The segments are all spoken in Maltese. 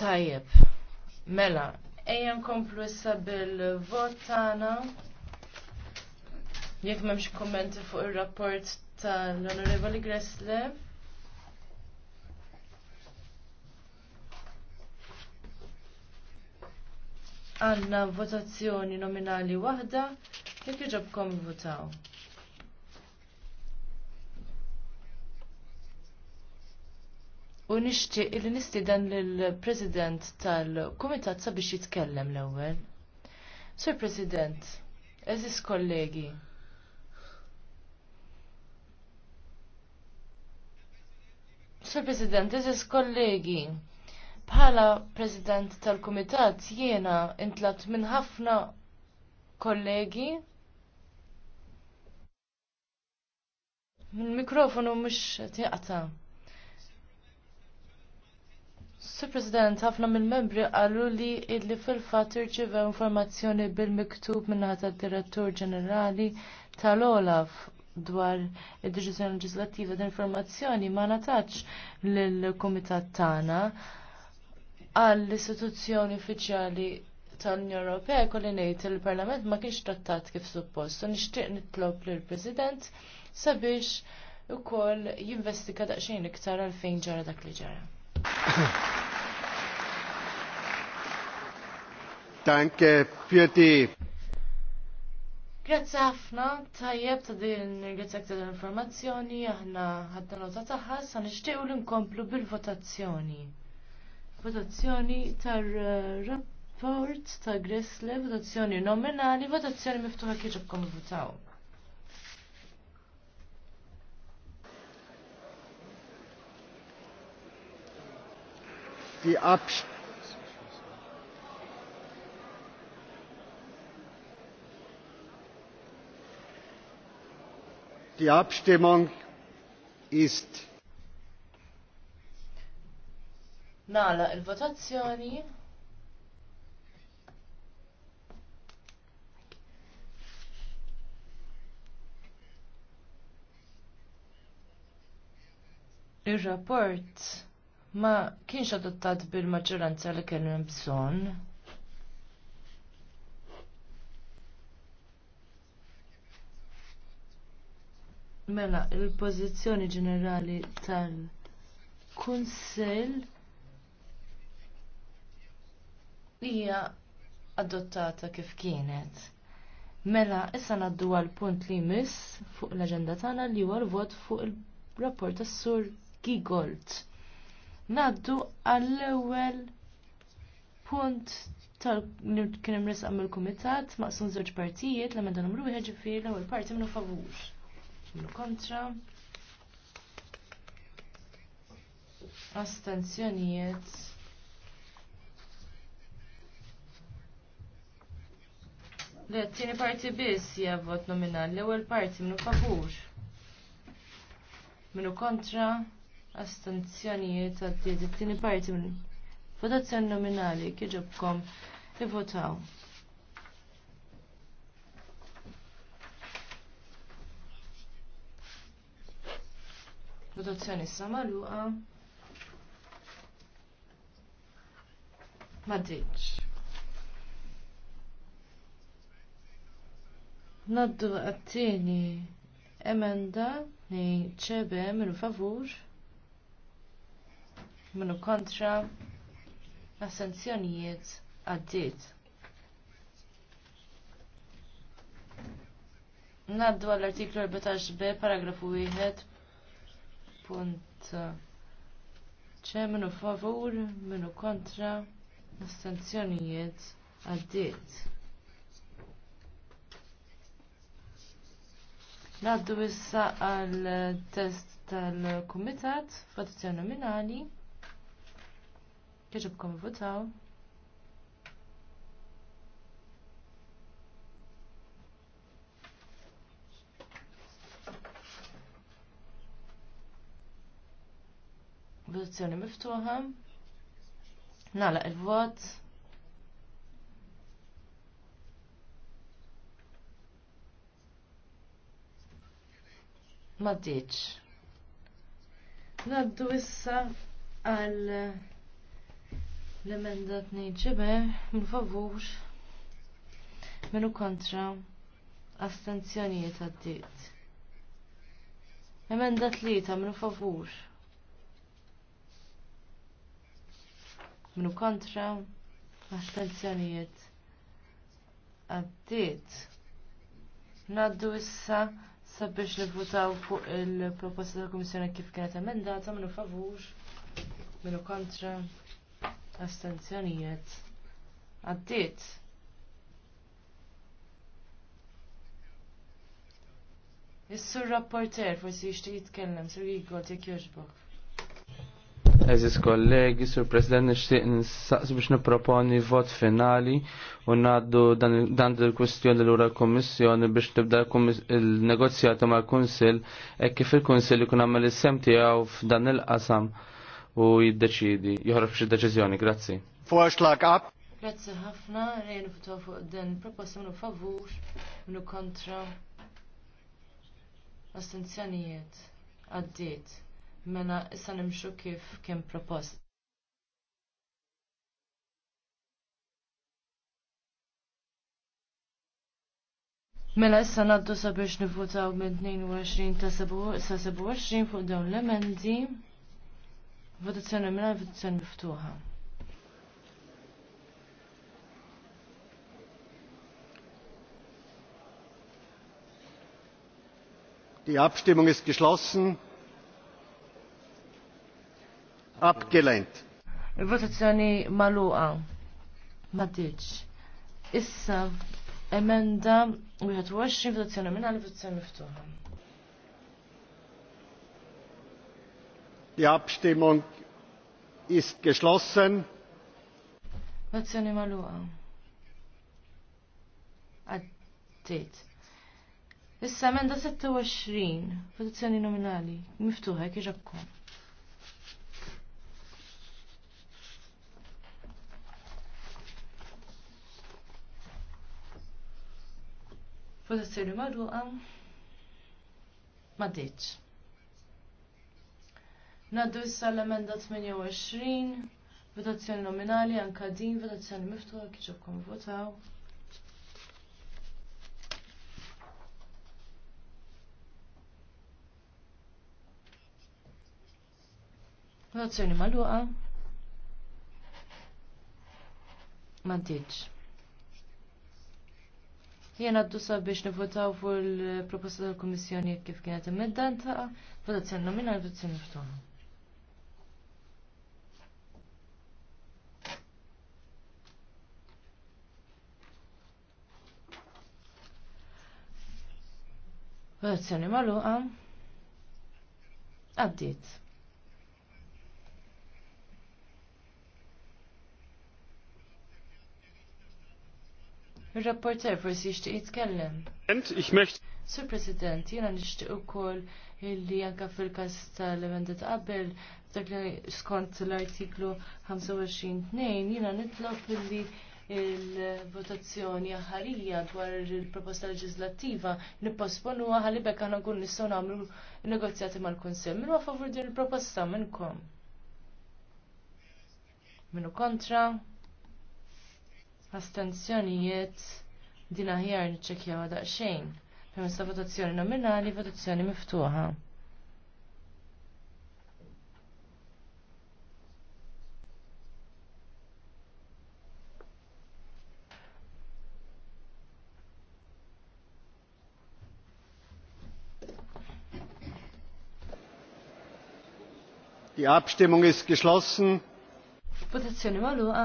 Tajjeb, mela, Ejjem komplu issa bil-vot tagħna. Jekk m'hemmx kummenti fuq ir-rapport tal-Onorevoli Gressle. Għanna votazzjoni nominali waħda, jekk jiġobkom votaw. u nixtieq li nistieden lill-President tal-Kumitat sabiex jitkellem l-ewwel. Sur President, eżis kollegi. Sur President, eżis kollegi. Bħala President tal-Kumitat jiena intlat minn ħafna kollegi Il-mikrofonu mhux tiqta'. Sir President, ħafna mill-membri qalu li illi fil-fatt irċivew informazzjoni bil-miktub minnaħa tad-Direttur Ġenerali tal-Olaf dwar id deċizjoni leġislattiva d-informazzjoni ma natax lill-Kumitat tagħna għall-istituzzjoni uffiċjali tal-Unjoni Ewropea kolli ngħid il-Parlament ma kienx trattat kif suppost u nixtieq nitlob lill-President sabiex ukoll jinvestiga daqsxejn iktar għalfejn ġara dak li ġara. Danke für Grazie Grazzi ħafna, tajjeb ta' din ringrazzjak ta' informazzjoni, aħna ħadna nota ħas, għan nixtiequ li nkomplu bil-votazzjoni. Votazzjoni tar-rapport ta' Gressle, votazzjoni nominali, votazzjoni miftuħa kieġobkom votaw. Die Abstimmung Die Abstimmung ist. Nala, il-votazzjoni. Ir-rapport ma kienx adottat bil-maġġoranza li kellu bżonn. Mela, il-pozizjoni ġenerali tal-Kunsel hija adottata kif kienet. Mela, issa naddu għal punt li jmiss fuq l-aġenda tagħna li huwa l-vot fuq il-rapport tas-sur Gigolt. Naddu għall-ewwel punt tal kien hemm resqam il-kumitat maqsum żewġ partijiet l-emenda numru wieħed ġifieri l-ewwel parti minnu favur minu kontra. Astenzjonijiet. Le, t-tini parti biss hija vot nominali, l-ewwel parti minu favur. Minu kontra, astenzjonijiet għaddiet, it-tieni parti minu votazzjoni nominali kieġobkom ivvotaw. votaw s issa magħluqa. Maddiċ. Naddu għattini emenda ni ċebe minu favur minu kontra assenzjonijiet għaddit. Naddu għall-artiklu 14b, paragrafu 1, punt eh, ċe minu favur, minu kontra, astenzjonijiet għaddit. Naddu issa għal test tal-Kumitat, votazzjoni nominali. Kieġibkom votaw. Votazzjoni miftuħa. Nala il-vot. Ma ddiċ. Naddu issa għal l-emenda t-nejġibe, minn favur, minnu kontra, astenzjonijiet għaddit. Emenda li lita minn favur. minu kontra astenzjonijiet għaddiet. Naddu issa sabiex votaw fuq il-proposta tal komissjoni kif kienet emendata minu favur, minu kontra, astenzjonijiet. Għaddiet. Is-sur rapporter forsi jixtieq jitkellem, sur jgħid jekk jogħġbok. Eżis kollegi, sur President, nishtiq nsaqs biex niproponi vot finali u naddu dan il-kwestjoni l-ura kommissjoni biex nibda il-negozjati ma' kunsil e kif il-kunsil ikun għamil il-sem tijaw f'dan il-qasam u jiddeċidi, joħroġ xi deċiżjoni, grazzi. Forslag up. Grazzi ħafna, rejn fuq dan proposta minu favur, minu kontra, astenzjonijiet, għaddiet mela issa nimxu kif kien propost. Mela issa naddu sabiex nifutaw minn 22 ta' 27 fuq dawn l-emendi. Votazzjoni mela votazzjoni miftuħa. Die Abstimmung ist geschlossen. Abgelehnt. Il-votazzjoni maluqa. Matiċ. Issa, emenda 21 votazzjoni minna l-votazzjoni miftuħa. Die Abstimmung ist geschlossen. Votazzjoni maluqa. Għaddit. Issa, emenda 26, votazzjoni nominali, miftuħa, kieġakkom. li marruqa ma ditx. Naddu issa l-emenda 28, votazzjoni nominali, anka din, votazzjoni miftuħa, kħiġobkom votaw. Votazzjoni maluqa. Mantiġ. Jena għaddu sabiex nivotaw fuq il-proposta tal-Komissjoni kif kienet immendanta, votazzjoni nominali, votazzjoni miftuħa. Votazzjoni maluqa. Għaddit. Il-rapporter forsi jixtieq jitkellem. Sur President, jiena nixtieq ukoll illi anke fil-każ tal-emenda ta' qabel dak li skont l-artiklu 25.2 jiena nitlob illi il-votazzjoni aħarija dwar il-proposta leġislattiva nipposponu għalli bekk għana għun nistgħu nagħmlu negozjati mal-Kunsell. Min huwa favur din il-proposta minnkom? Minu kontra? astenzjonijiet din aħjar niċċekjaw daqsxejn. Permezz ta' votazzjoni nominali, votazzjoni miftuħa. Die Abstimmung ist geschlossen. Votazione maluqa.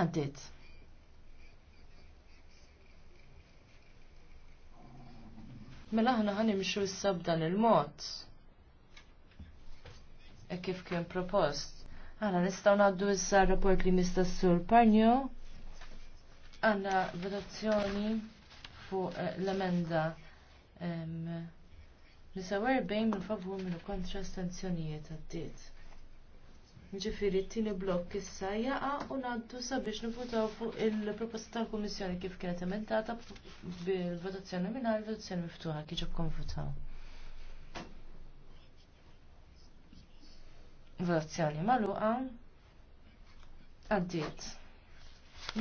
Għaddit. Mela ħna mxu issa b'dan il-mod. E kif kien propost. Għana nistaw naddu issa rapport li mista sur parnju. Għanna votazzjoni fuq eh, l-emenda Nisa bejn minn favur minn kontra stanzjonijiet għaddit. Ġifiri, t-tini blokk issa jaqa u naddu sabiex nifutaw fuq il-proposta tal-Komissjoni kif kienet emendata bil-votazzjoni minna il-votazzjoni miftuħa kieġob konfutaw. Votazzjoni maluqa għaddiet.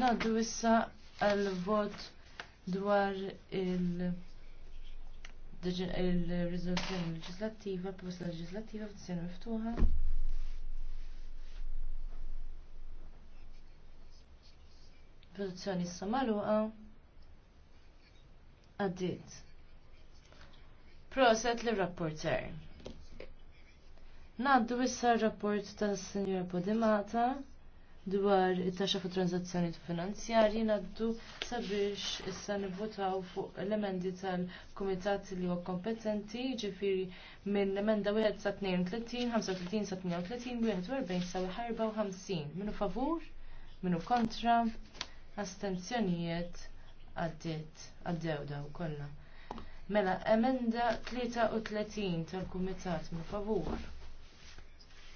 Naddu issa għal-vot dwar il- il-rizoluzzjoni leġislattiva, plus leġislattiva votazzjoni miftuħa. produzzjoni issa magħluqa għaddiet. Proset li rapporter. Naddu issa r-rapport ta' Sinjora Podimata dwar it-taxxa fuq transazzjoni finanzjarji naddu sabiex issa nivvotaw fuq l-emendi tal-kumitat li huwa kompetenti ġifiri minn emenda 1 sa 32, 35 sa 38, 41 sa 54 minu favur, minu kontra, astenzjonijiet għaddit, għaddew daw kollha. Mela, emenda 33 tal-Kumitat minn favur.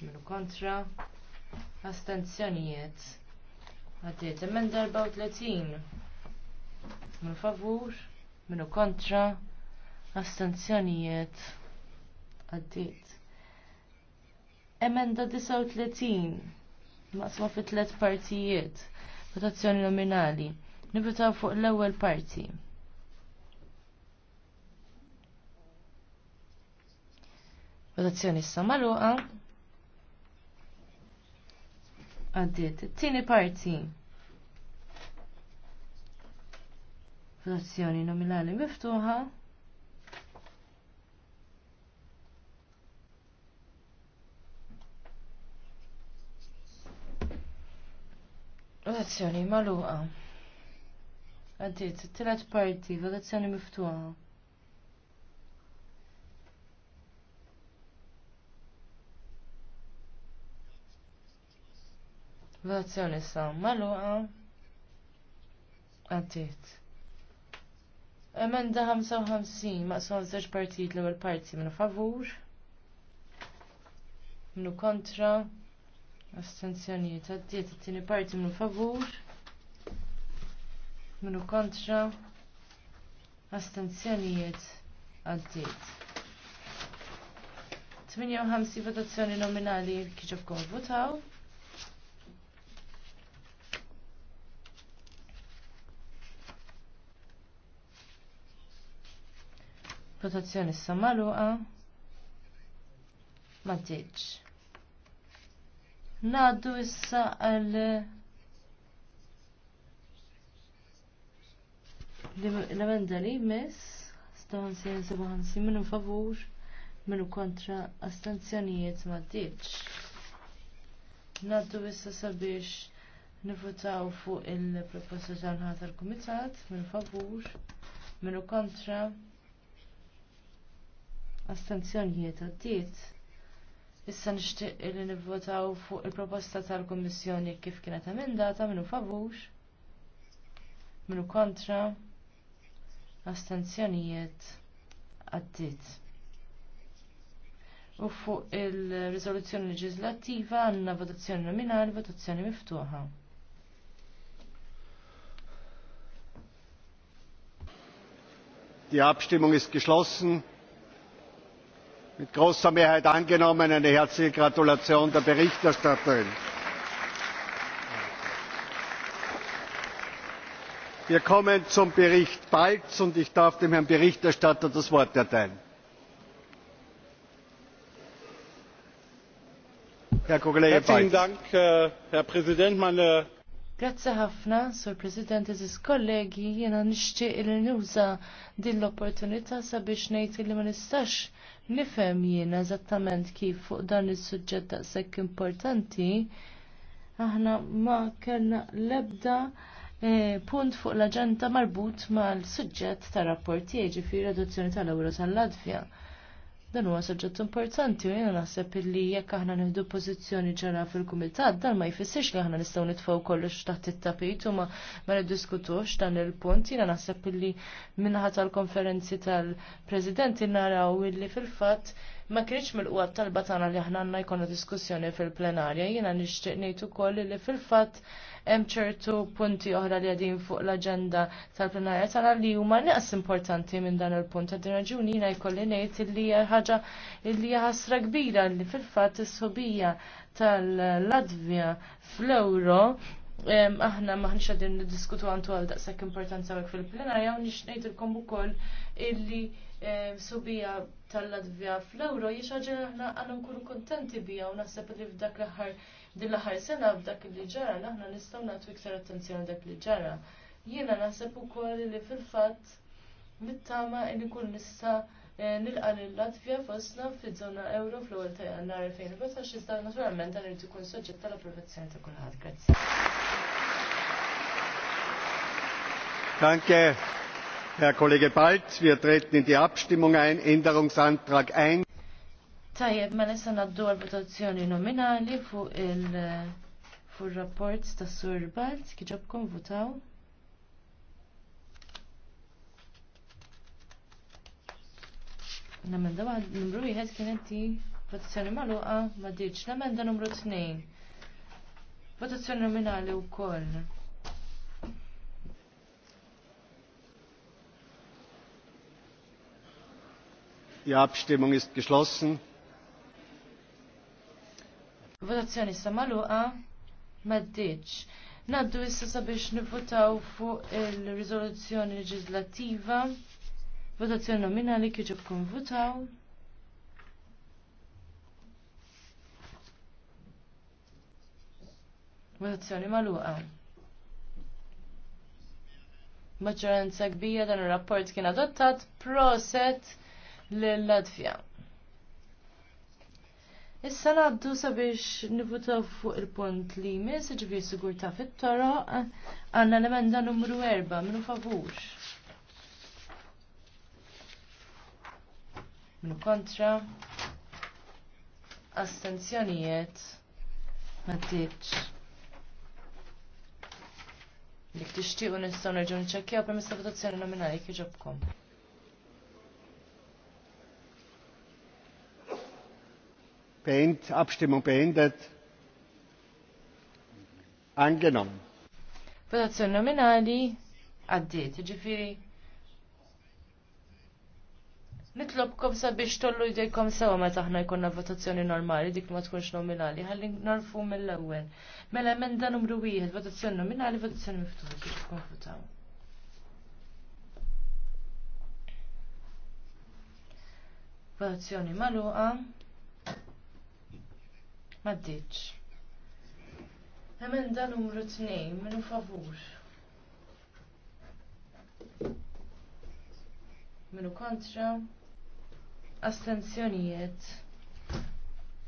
Minu kontra, astenzjonijiet. Għaddiet, emenda 34. Minu favur, minu kontra, astenzjonijiet. Għaddiet. Emenda 39. Maqsma fit tlet partijiet votazzjoni nominali. Nibitaw fuq l-ewwel parti. Votazzjoni issa magħluqa. Għaddiet, it-tieni parti. Votazzjoni nominali miftuħa. Votazzjoni maluqa. Għaddit, t-telet parti, votazzjoni miftuħa. Votazzjoni sa maluqa. Għaddit. Emenda 55 maqsum żewġ partijiet l-ewwel parti minn favur, minnu kontra, Astenzjonijiet għaddiet t-tini parti minn favur. Minnu kontra. Astenzjonijiet għaddiet. 58 votazzjoni nominali kħiġab kieġobkom votaw. Votazzjoni s-samaluqa. Ma tiġ. Nadu issa għal l-emenda li jmiss, stawan si jensibu ħansi minnu favur, minu kontra astenzjonijiet ma diċ. Nadu issa sabiex nifutaw fuq il-proposta ġanħat tal-Kumitat Minu favur, minu kontra astenzjonijiet għaddiet. Issa nixtieq li nivvotaw fuq il-proposta tal-Kummissjoni kif kienet emendata minnu favux, minnu kontra, astenzjonijiet għaddit. U fuq il-riżoluzzjoni leġislattiva għandna votazzjoni nominali, votazzjoni miftuħa. Die Abstimmung ist geschlossen mit großer Mehrheit angenommen. Eine herzliche Gratulation der Berichterstatterin. Wir kommen zum Bericht Balz und ich darf dem Herrn Berichterstatter das Wort erteilen. Herr Kollege Balz. Dank, äh, Herr Präsident, meine Grazzi ħafna, Sur President, eżis kollegi, jena nixtieq li nuża din l-opportunità sabiex nejt li ma nistax nifhem jena eżattament kif fuq dan is-suġġett daqshekk importanti. Aħna ma kellna l-ebda e, punt fuq l-aġenda marbut mal-suġġett tar-rapporti ġifi jiġifieri reduzzjoni tal-Euro tal-Latvja. tal euro tal latvja tal latvja Dan huwa soġġett importanti u jiena naħseb illi jekk aħna nieħdu pożizzjoni ġara fil-kumitat dan ma jfissirx li aħna nistgħu nitfgħu kollox taħt it-tapit u ma niddiskutux dan il-punt. Jiena naħseb illi minħa tal-konferenzi tal-Presidenti naraw illi fil-fatt ma kienx mill-qwad talba tagħna li aħna għandna jkollna diskussjoni fil-plenarja. Jiena nixtieq ngħid ukoll illi fil-fatt hemm ċertu punti oħra li għadin fuq l-aġenda tal-plenarja tara li huma neqs importanti minn dan il-punt. Għad raġuni jiena jkolli ngħid illi hija ħaġa li ħasra kbira li fil-fatt is-sobija tal-Latvja fl ewro aħna maħniex għadin niddiskutu għantu għal daqshekk importanza għak fil-plenarja u nix ngħid kom u illi subija tal latvja fl ewro jiex għagġa aħna għanna nkunu kontenti bija u naħseb li f'dak l aħħar din l ħar sena b'dak li ġara aħna nistgħu nagħtu iktar attenzjoni dak li ġara. Jiena naħseb ukoll li fil-fatt nittama li kun nista' eh, nilqa l-Latvija fosna fil-żona euro fl-ewwel ta' jannar 2015 iżda naturalment dan irid ikun soġġett tal-approvazzjoni ta' kulħadd. Grazzi. Danke. Herr Kollege Balz, wir treten in die Abstimmung ein. Änderungsantrag 1. Tajjeb, ma mela nista naddu għal-votazzjoni nominali fuq il- fuq rapport ta' Sur Balz kieġobkom votaw. L-emenda numru jħed inti votazzjoni magħluqa ma diċ. L-emenda numru nejn Votazzjoni nominali wkoll. Die Abstimmung ist geschlossen. Votazzjoni sa maddiċ. Naddu issa sabiex nivvotaw fuq il-rizoluzzjoni leġislativa. Votazzjoni nominali kieġu kun votaw. Votazzjoni maluqa. Maġġoranza kbira dan ir-rapport kien adottat proset l latvja Issa naddu sabiex nifutaw fuq il-punt li jmiss, ġivi sigurta fit-toro, għanna l-emenda numru 4, minu favur. Minu kontra, astenzjonijiet, maddiċ. Dik tixtiequ nistaw nerġun niċċekkjaw per mis-sabotazzjoni nominali kieġobkom. Beend, Abstimmung beendet. Angenommen. Votazzjoni nominali għaddiet, ġifiri. Nitlobkom sabiex tollu jdejkom sewa meta taħna jkollna votazzjoni normali dik ma tkunx nominali, ħalli narfu mill-ewwel. Mela emenda numru wieħed, votazzjoni nominali, votazzjoni miftuħ biex tkun votaw. Votazzjoni magħluqa. Maddiċ. Emenda numru 2, minu favur. Minu kontra. Astenzjonijiet.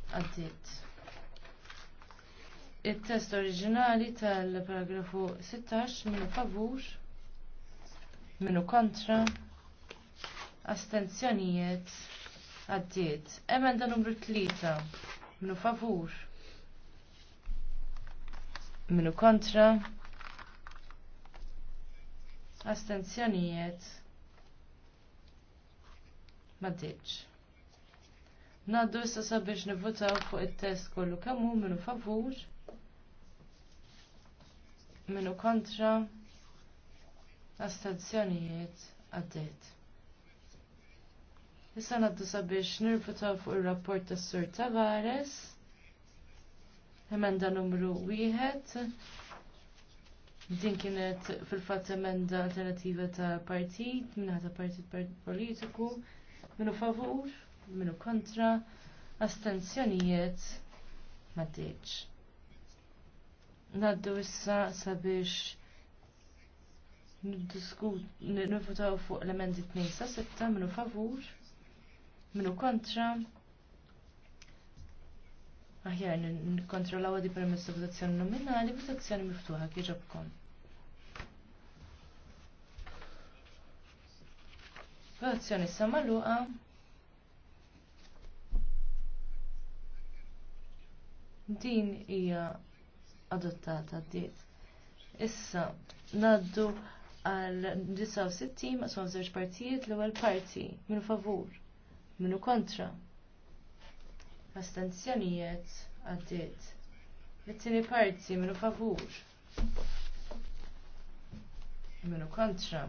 Għaddit. Il-test oriġinali tal-paragrafu 16 minu favur. Minu kontra. Astenzjonijiet. Għaddit. Emenda numru 3 minu favur, minu kontra, astenzjonijiet, ma ditx. Naddu issa sabiex nivvotaw fuq it-test kollu kamu. minu favur, Minu kontra, astenzjonijiet għaddiet. Issa naddu sabiex nirfutaw fuq il-rapport tas Sur Tavares. Emenda numru wieħed. Din kienet fil-fatt emenda alternativa ta' partit, minna ta' partit politiku, minu favur, minu kontra, astenzjonijiet ma' deċ. Naddu issa sabiex nirfutaw fuq l-emendi 2 sa' 6 minu favur, minu kontra. Aħjar, nikontrollaw għadi permess votazzjoni nominali, votazzjoni miftuħa, kieġabkom. Votazzjoni samaluqa. Din hija adottata diet. Issa, naddu għal 69 ma' żewġ partijiet l-ewwel parti minn favur Minu kontra. Astenzjonijiet għaddiet. it parti minu favur. Minu kontra.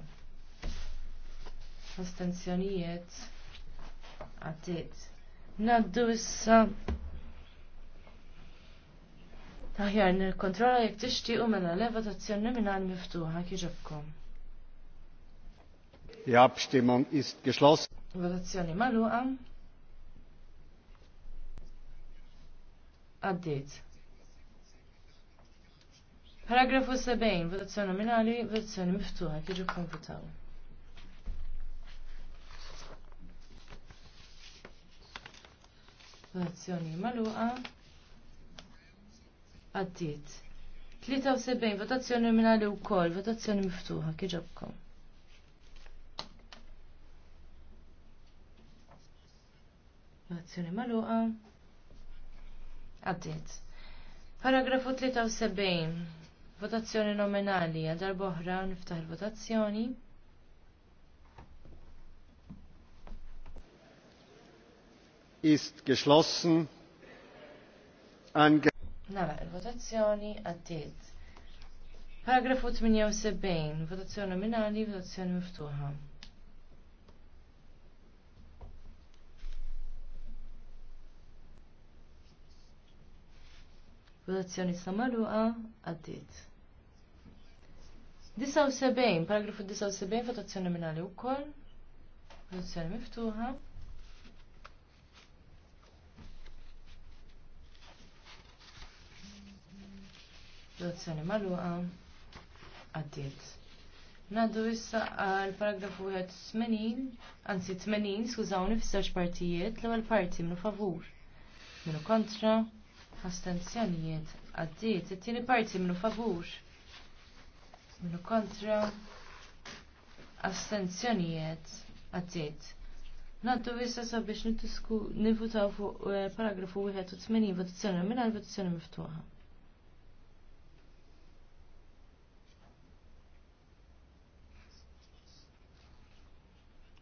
Astenzjonijiet għaddiet. Naddu issa Taħjar nil-kontrola jek jekk tixtiequ mela l-votazzjoni nominali miftuħa kieġabkom. Die Abstimmung ist geschlossen. Votazzjoni maluqa. Għaddit. Paragrafu 70, votazzjoni nominali, votazzjoni miftuħa, kieġu konvotaw. Votazzjoni maluqa. Għaddit. 73, votazzjoni nominali u kol, votazzjoni miftuħa, kieġabkom. votazzjoni maluqa. Għaddit. Paragrafu 73. Votazzjoni nominali għadar boħra niftaħ il-votazzjoni. Ist geschlossen. Ange Nara, il-votazzjoni għaddit. Paragrafu 78. Votazzjoni nominali, votazzjoni miftuħa. Votazzjoni samaluqa għaddit. 79, paragrafu 79, votazzjoni nominali u koll. Votazzjoni miftuħa. Votazzjoni maluqa għaddit. Naddu issa għal paragrafu 80, anzi 80, skużawni fis partijiet, l-ewwel parti minnu favur, minu kontra, astenzjonijiet għaddiet. It-tieni parti minnu favur minnu kontra astenzjonijiet għaddiet. Naddu sa sabiex nittisku nivutaw fuq eh, paragrafu 81 votazzjoni minna l votazzjoni miftuħa.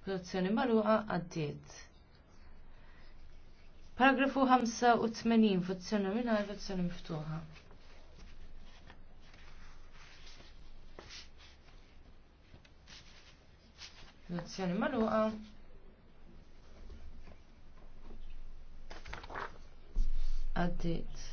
Votazzjoni magħluqa għaddiet. Paragrafu 85, votazzjoni nominali, votazzjoni miftuħa. Votazzjoni maluqa. Għaddit.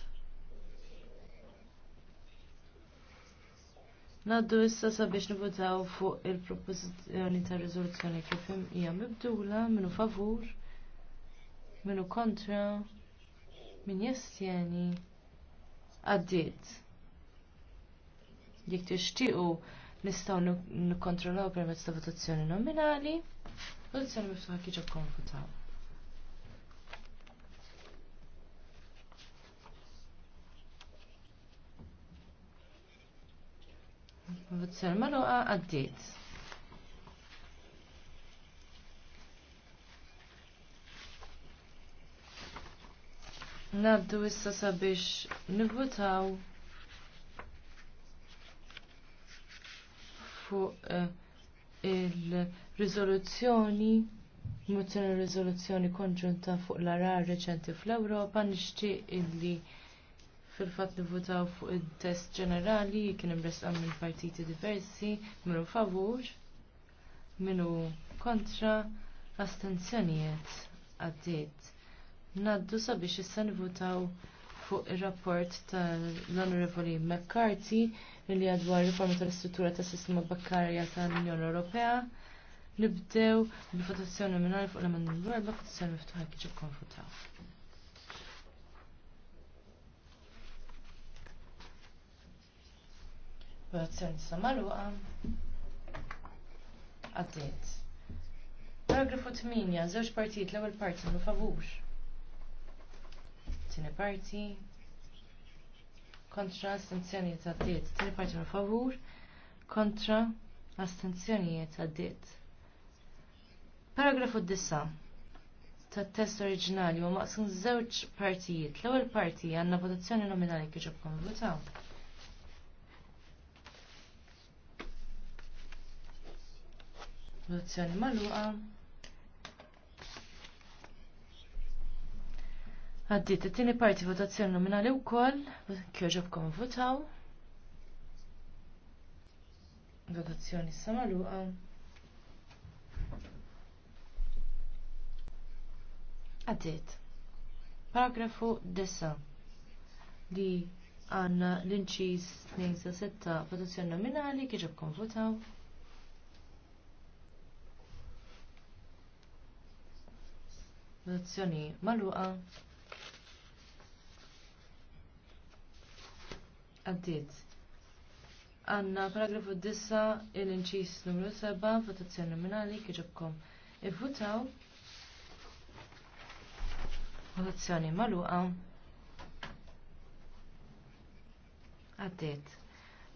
Naddu issa sabiex nivutaw fuq il propozizjoni ta' rizoluzzjoni kif hija mibdula minnu favur minu kontra min jastjeni għaddit Jek tixtiqu nistaw nikkontrollaw permezz ta' votazzjoni nominali, votazzjoni miftuħa kieġa konfutaw. Votazzjoni maluqa għaddit Naddu issa sabiex nivvutaw fuq eh, il-rizoluzzjoni Mutin rizoluzzjoni konġunta fuq l-arar reċenti fl-Ewropa nixtieq illi fil-fatt nivvutaw fuq il-test ġenerali kien imresqam minn partiti diversi minnu favur, minnu kontra, astenzjonijiet għaddit. Naddu sabiex issa votaw fuq ir-rapport tal-Onorevoli McCarthy li għadwar riforma tal-istruttura tas sistema bakkarja tal-Unjoni Ewropea. Nibdew b-votazzjoni nominali fuq l-amendment dwar votazzjoni miftuħa kif votaw. Votazzjoni sa magħluqa. Għaddiet. Paragrafu 8, żewġ partijiet l-ewwel l favur tini parti kontra ta' għaddiet. Tini parti ma' favur kontra ta' għaddiet. Paragrafu dissa tat test oriġinali u maqsum żewġ partijiet. L-ewwel parti għandna votazzjoni nominali kif ġobkom votaw. Votazzjoni magħluqa. Għaddit, it-tini parti votazzjoni nominali u koll, kjoġobkom votaw. Votazzjoni samaluqa. Għaddit. Paragrafu dessa li għanna l-inċiż 26 votazzjoni nominali kieġobkom votaw. Votazzjoni maluqa. għaddiet. Għanna paragrafu d-dissa il-inċis numru 7 votazzjoni nominali kieġobkom ivvutaw votazzjoni maluqa għaddiet.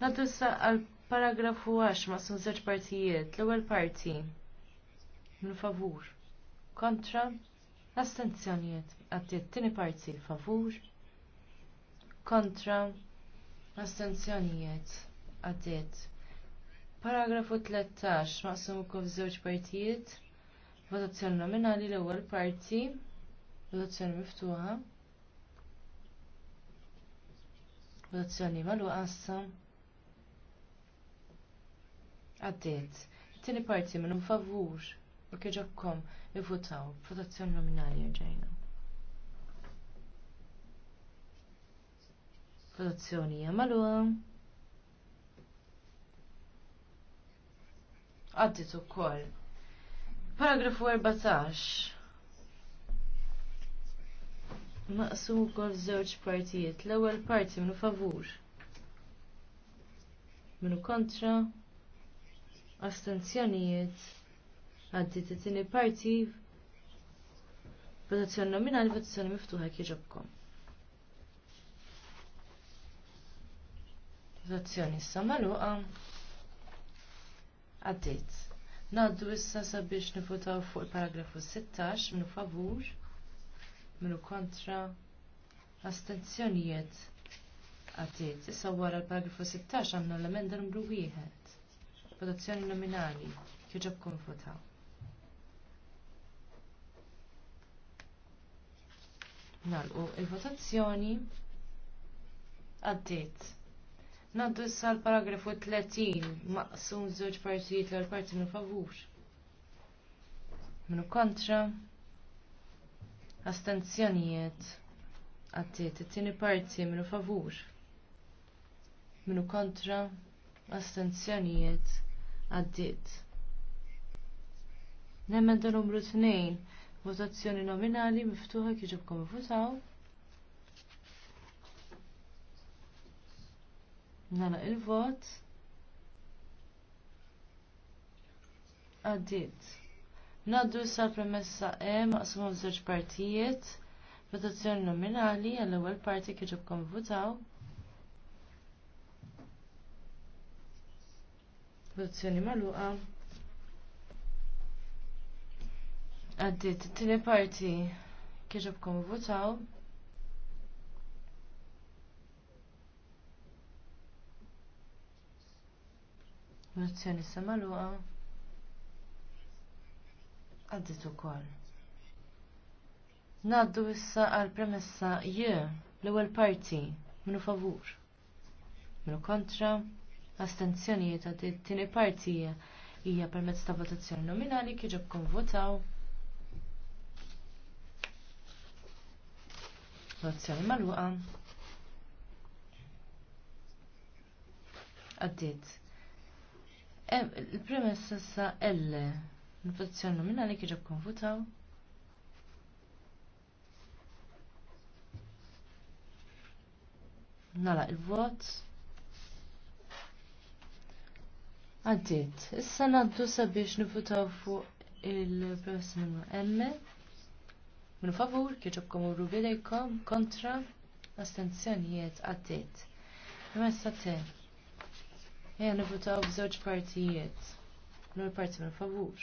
Naddu issa għal paragrafu 10 ma' sun żewġ partijiet l-ewwel parti minn favur kontra astenzjonijiet għaddiet tini parti favur kontra Astenzjonijiet. Għaddiet. Paragrafu 13. Maqsum ukoll żewġ partijiet. Votazzjoni nominali l-ewwel parti. Votazzjoni miftuħa. Votazzjoni magħluqa assa. Għaddiet. Tieni parti minnhom favur. U kieġobkom ivvutaw. Votazzjoni nominali rġejna. Votazzjoni jamaluqa. Għaddit u koll. Paragrafu 14. Maqsum kol żewġ partijiet. L-ewwel parti minnu favur. Minnu kontra. Astenzjonijiet. Għaddit it-tieni parti. Votazzjoni nominali, votazzjoni miftuħa kieġobkom. Votazzjoni issa magħluqa. Għaddit. Naddu issa sabiex nifutaw fuq il-paragrafu 16 minu favur, minu kontra, astenzjonijiet. Għaddit. Issa wara l-paragrafu 16 għandna l-emenda numru 1. Votazzjoni nominali. Kieġab futaw. nalqu il-votazzjoni għaddiet Naddu issa l-paragrafu 30, maqsum żewġ partijiet l parti minn favur. Minu kontra, astenzjonijiet, għattiet, it-tieni parti minu favur. Minu kontra, astenzjonijiet, għaddiet. Nemmen numru 2, votazzjoni nominali miftuħa kieġobkom votaw. nara il-vot. Għaddit. Naddu issa premessa E maqsum żewġ partijiet. Votazzjoni nominali għall-ewwel parti kif ġobkom votaw. Votazzjoni magħluqa. Għaddit it-tieni parti kif ġobkom votaw. Votazzjoni samaluqa. Għaddit u ukoll. Naddu issa għal premessa jie, l-ewwel parti minu favur. Minu kontra astenzjonijiet għad it-tieni parti hija permezz ta' votazzjoni nominali kon votaw. Votazzjoni magħluqa. Għaddit. Il-premessa sa L. Il-votazzjoni nominali kħiġab konfutaw. Nala il-vot. Għaddit. Issa naddu sabiex nifutaw fuq il-premessa numru M. Minu favur kħiġab komu bidejkom kontra astenzjonijiet għaddit. Premessa T. Ejja nivutaw b'żewġ partijiet. Nur parti minn favur.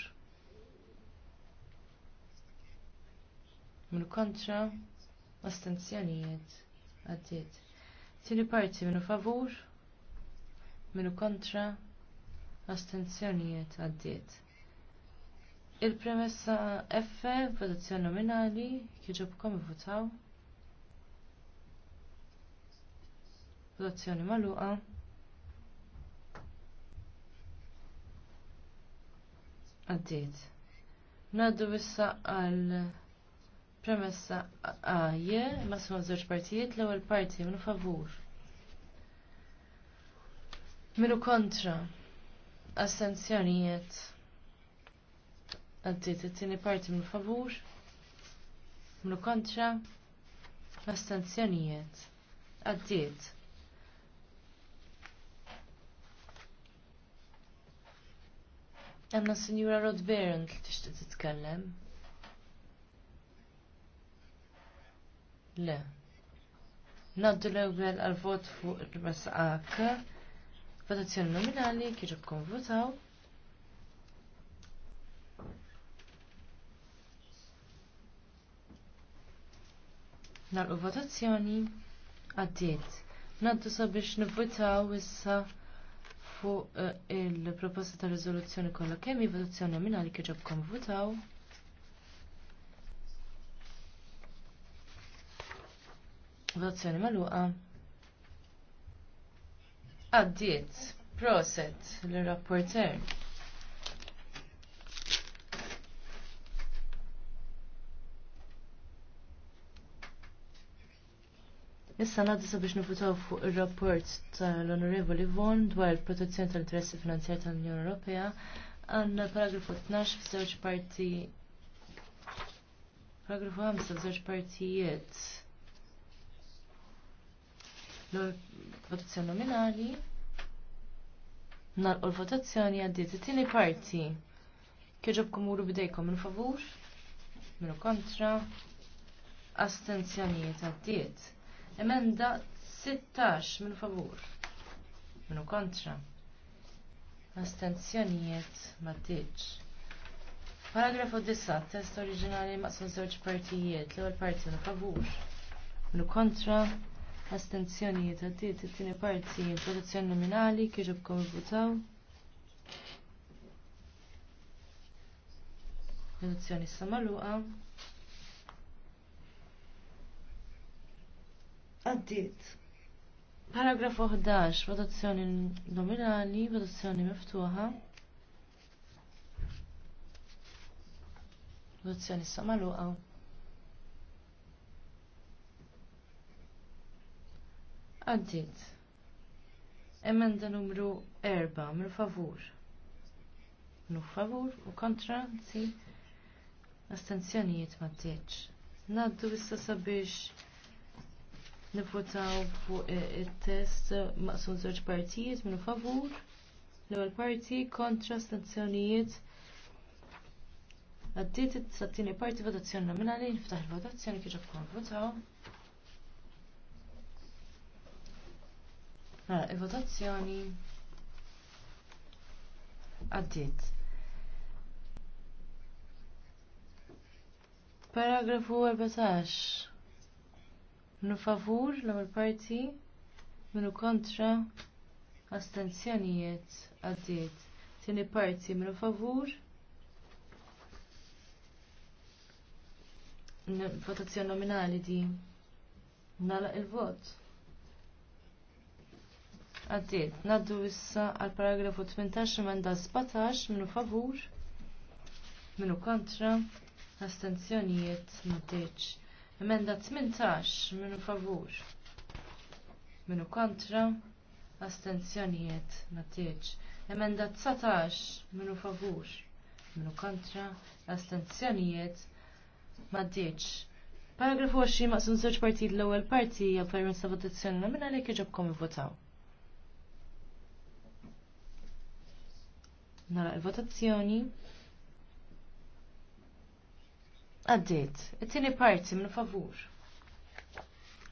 Minn kontra astenzjonijiet għaddiet. Tieni parti minn favur minn kontra astenzjonijiet għaddiet. Il-premessa F, votazzjoni nominali, kieġobkom votaw. Votazzjoni maluqa. Għaddit. Naddu issa għal premessa għaje, massima żewġ partijiet, l ewwel parti minu favur. Minu kontra, assenzjonijiet. Għaddit, it-tini parti minu favur, minu kontra, assenzjonijiet. Għaddit. Għanna Signora t li tixtieq titkellem. Le. Naddu l-ewwel għal-vot fuq il-premessa Votazzjoni nominali votaw. nal Nalqu votazzjoni għaddiet. Naddu sabiex nivvotaw issa fuq eh, il-proposta ta' rizoluzzjoni kollha kemm votazzjoni nominali kif ġobkom votaw. Votazzjoni magħluqa. Għaddiet, proset l-rapporter. Issa nadisa biex nifutaw fuq il-rapport tal-Onorevoli Von dwar il-protezzjoni tal-interessi finanzjari tal-Unjoni Ewropea għanna paragrafu 12 f'żewġ parti paragrafu 5 f'żewġ partijiet l-votazzjoni nominali narqu l-votazzjoni għaddiet it-tieni parti kieġobkom uru bidejkom minn favur minn kontra astenzjonijiet għaddiet. Emenda 16 minn favur. minn kontra. Astenzjonijiet ma Paragrafu 10 test oriġinali maqsum żewġ partijiet, l-ewwel parti minn favur. minn kontra. Astenzjonijiet għaddiet it-tieni parti votazzjoni nominali kif ġobkom votaw. Votazzjoni sa magħluqa. Għaddit. Paragraf 11, votazzjoni nominali, votazzjoni miftuħa. Votazzjoni samaluqa. Għaddit. Emenda numru 4, mil favur. Nu favur u kontra, si, astenzjonijiet ma' Naddu issa sabiex Nivvotaw fuq eh, il-test maqsum żewġ partijiet minu favur. L-ewwel parti kontra stazzjonijiet għaddit it-sattini parti votazzjoni nominali niftaħ il-votazzjoni kif ġabkom votaw. Mela, il-votazzjoni għaddit Paragrafu 14. Minu favur l-ewwel parti, minu kontra astenzjonijiet għaddiet. Tieni parti minu favur. Votazzjoni nominali di. Nala il-vot. Għaddiet, naddu issa għal paragrafu 18 menda 17 minu favur, minu kontra, astenzjonijiet ma' Emenda 18 minu favur. Minu kontra. Astenzjonijiet matieċ. Emenda 19 minu favur. Minu kontra. Astenzjonijiet matieċ. Paragrafu 20 maqsun żewġ partit l-ewwel partij, għal-permess ta' votazzjoni minn għalhekk iġobkom votaw. Nara il-votazzjoni. Għaddit, it-tini parti minn favur.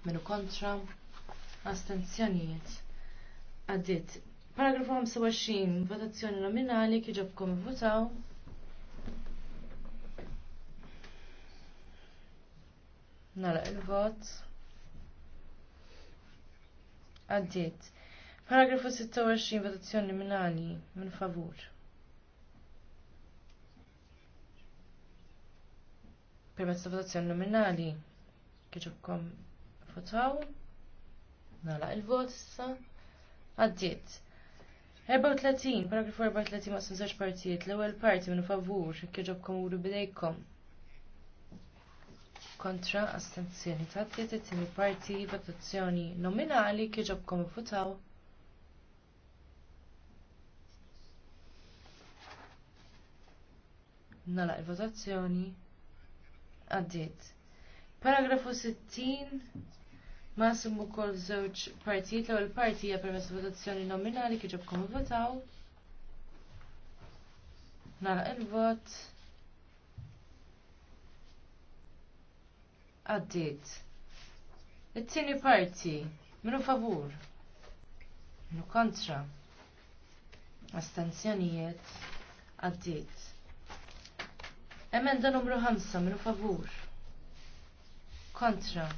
Minn kontra, astenzjonijiet. Għaddit, paragrafu 25, votazzjoni nominali kom votaw. Nara il-vot. Għaddit, paragrafu 26, votazzjoni nominali minn favur. permezz ta' votazzjoni nominali. Kieġobkom votaw. Nala il-vot sa Għaddiet. 34, paragrafu 34 ma' żewġ partijiet, l-ewwel parti minn favur, kieġobkom uru bidejkom kontra astenzjoni ta' għaddiet it-tieni parti votazzjoni nominali u votaw. Nalaq il-votazzjoni għaddit. Paragrafu 60 ma summu kol żewġ partijiet l-ewwel partija permezz votazzjoni nominali kif ġobkom votaw. Nara il-vot. Għaddit. It-tieni parti minu favur. Minu kontra. Astenzjonijiet għaddit. Emenda numru 5 minu favur. Kontra.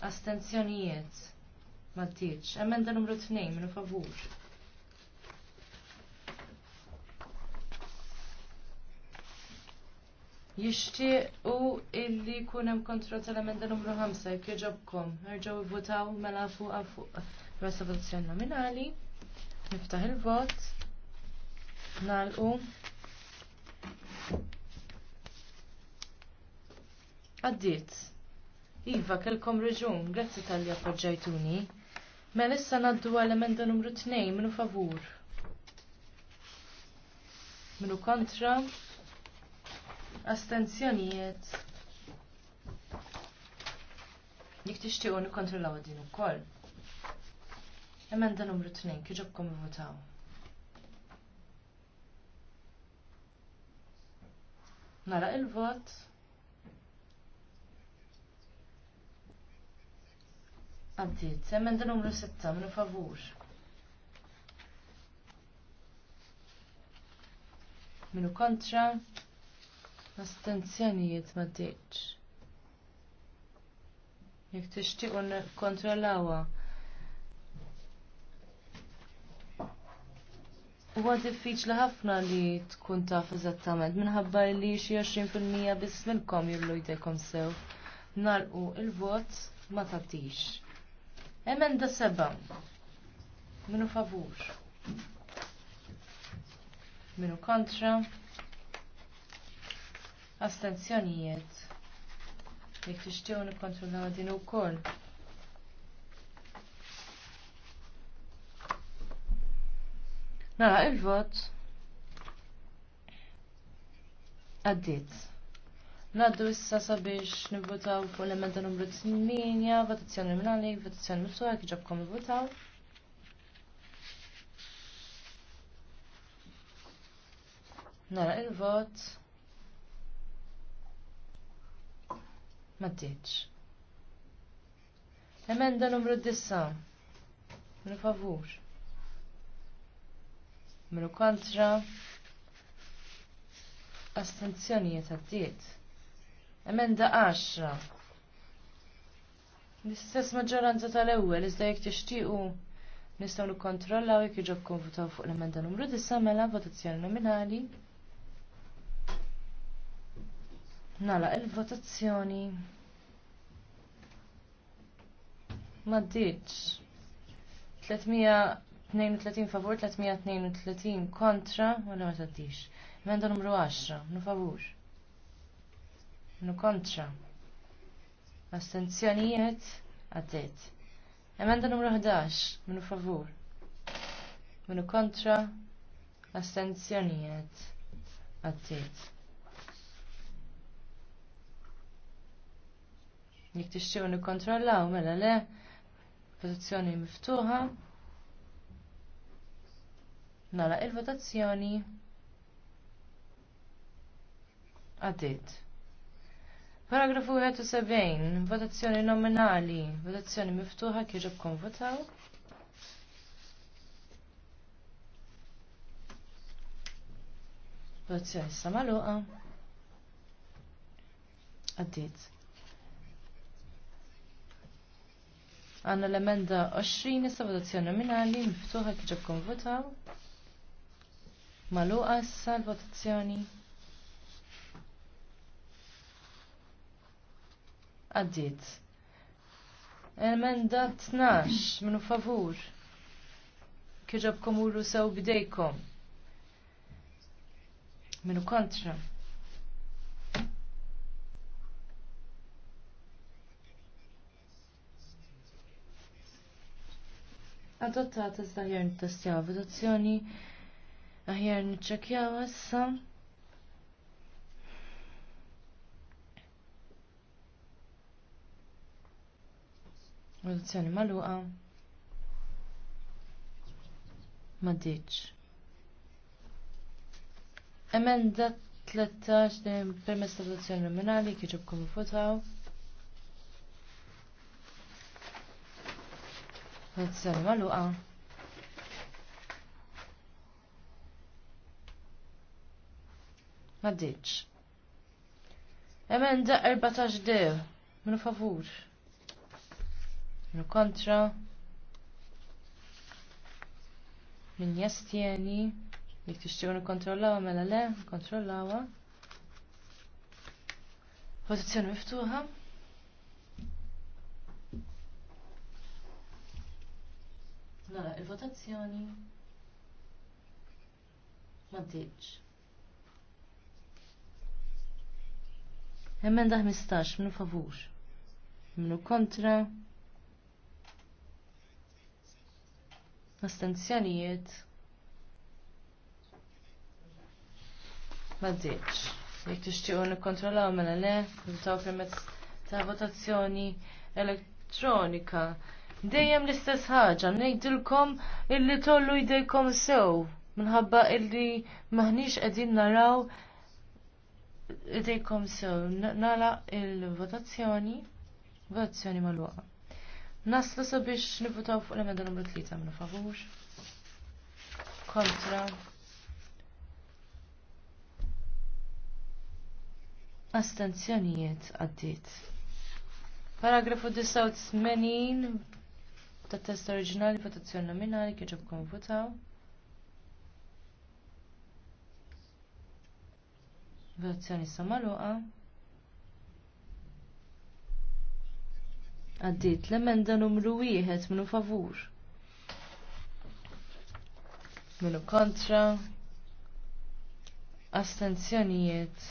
Astenzjonijiet. Matiċ. Emenda numru 2 minu favur. Jixtiequ illi jkun hemm kontra tal-emenda numru 5 jekk jogħġobkom. Erġgħu votaw mela fuq fuq rasa votazzjoni nominali. Niftaħ il-vot. Nalqu. Għaddiet. Iva, kelkom reġun, grazzi tal-li appoġġajtuni. Mela issa naddu għal-emenda numru 2 minu favur. Minu kontra. Astenzjonijiet. Jek tixtiequ nikkontrollaw din ukoll. Emenda numru 2 kieġobkom votaw. Nara il-vot. Għaddit, emenda numru 6, minu favur. Minu kontra, astenzjonijiet ma ddiċ. Jek lawa. U Huwa diffiċli ħafna li tkun taf eżattament minħabba li xie 20% biss kom jillu jdejkom sew. Nalqu il-vot ma tatix. Emenda seba. Minu favur. Minu kontra. Astenzjonijiet. Jek tixtiju nikkontrollaw din ukoll. Nara mela, il-vot. Għaddit. Naddu issa sabiex nivvotaw fuq l-emenda numru 8, votazzjoni nominali, votazzjoni miftuħa, kif ġobkom votaw. Nara il-vot. Mattiċ. Emenda numru 9. Minu favur. Minu kontra. Astenzjonijiet għaddiet. Emenda 10. L-istess maġġoranza tal-ewwel iżda jekk tixtiequ nistgħu nikkontrollaw jekk iġobkom votaw fuq l-emenda numru disa' mela votazzjoni nominali. Nala il-votazzjoni. Maddiċ 332 favur, 332 kontra, ma ma taddix. Emenda numru 10, nu favur nu kontra. Astenzjonijiet għatet. Emenda numru 11. Minu favur. Minu kontra. Astenzjonijiet għaddit. Jek tixtiju nikkontrollaw mela le. Votazzjoni miftuħa. Nala il-votazzjoni. Għatet. Paragrafu 71, votazzjoni nominali, votazzjoni miftuħa kieġob votaw. Votazzjoni samaluqa. Għaddit. Għanna l-emenda 20, issa votazzjoni nominali, miftuħa kieġob votaw. Maluqa issa l-votazzjoni. Għaddit. Emenda 12 minu favur. Kieġab komuru sew bidejkom. Minu kontra. Adottata sta ħjar nittestjaw votazzjoni, aħjar nitċekjaw issa. produzzjoni maluqa. Ma ditx. Emenda 13 din permess ta' produzzjoni nominali kieġobkom votaw. Produzzjoni maluqa. Ma ditx. Emenda 14 dew. Minu favur. Minu kontra. Min jastieni. Jek tixtiju nikontrollawa mela le, kontrollawa. Pozizjoni miftuħa. Nara, mela, il-votazzjoni ma tiġ. Emenda 15, minu favur. Minu kontra. Astenzjonijiet. Ma ddiċ. Jek tixtiequ nikkontrollaw mela le, nitaw permezz ta' votazzjoni elettronika. Dejjem l-istess ħaġa, ngħidilkom illi tollu jdejkom sew minħabba illi maħniex qegħdin naraw idejkom sew. Nala il-votazzjoni, votazzjoni mal-waqa. Naslu sabiex nivutaw fuq l-emenda numru 3 minn favur. Kontra. Astenzjonijiet għaddit. Paragrafu 89 ta' test oriġinali votazzjoni nominali kieġob kon votaw. Votazzjoni samaluqa. Għaddit l-emenda numru wieħed minu favur. Minu kontra. Astenzjonijiet.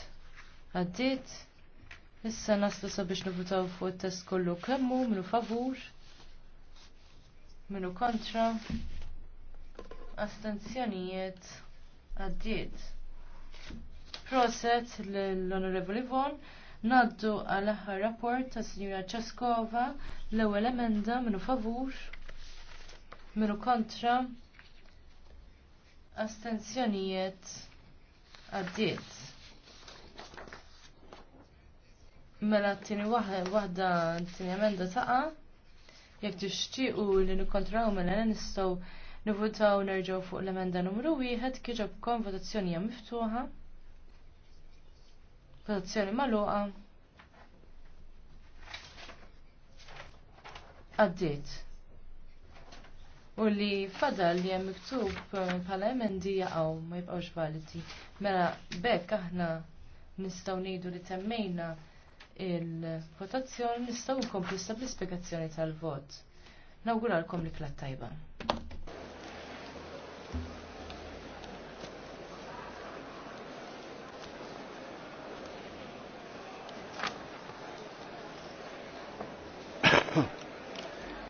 Għaddit. Issa naslu sabiex nifutaw fuq test kollu kemmu minu favur. Minu kontra. Astenzjonijiet. Għaddit. Proset l-Onorevoli Von. Naddu għal aħħar rapport ta' Sinjura Ċaskova l-ewwel emenda minu favur, minu kontra, astenzjonijiet għaddiet. Mela t-tini wahda t-tini emenda taqa, jek tixtiqu li nikontraw mela nistaw nivutaw nerġaw fuq l-emenda numru wieħed kieġab kon votazzjonija miftuħa. Votazzjoni maluqa. Għaddit. U li fadal li hemm miktub eh, bħala emendi jaqaw ma jibqawx validi. Mela bekk aħna nistgħu ngħidu li temmejna il-votazzjoni nistgħu nkompli bl spiegazzjoni tal-vot. Nawguralkom li klat tajba.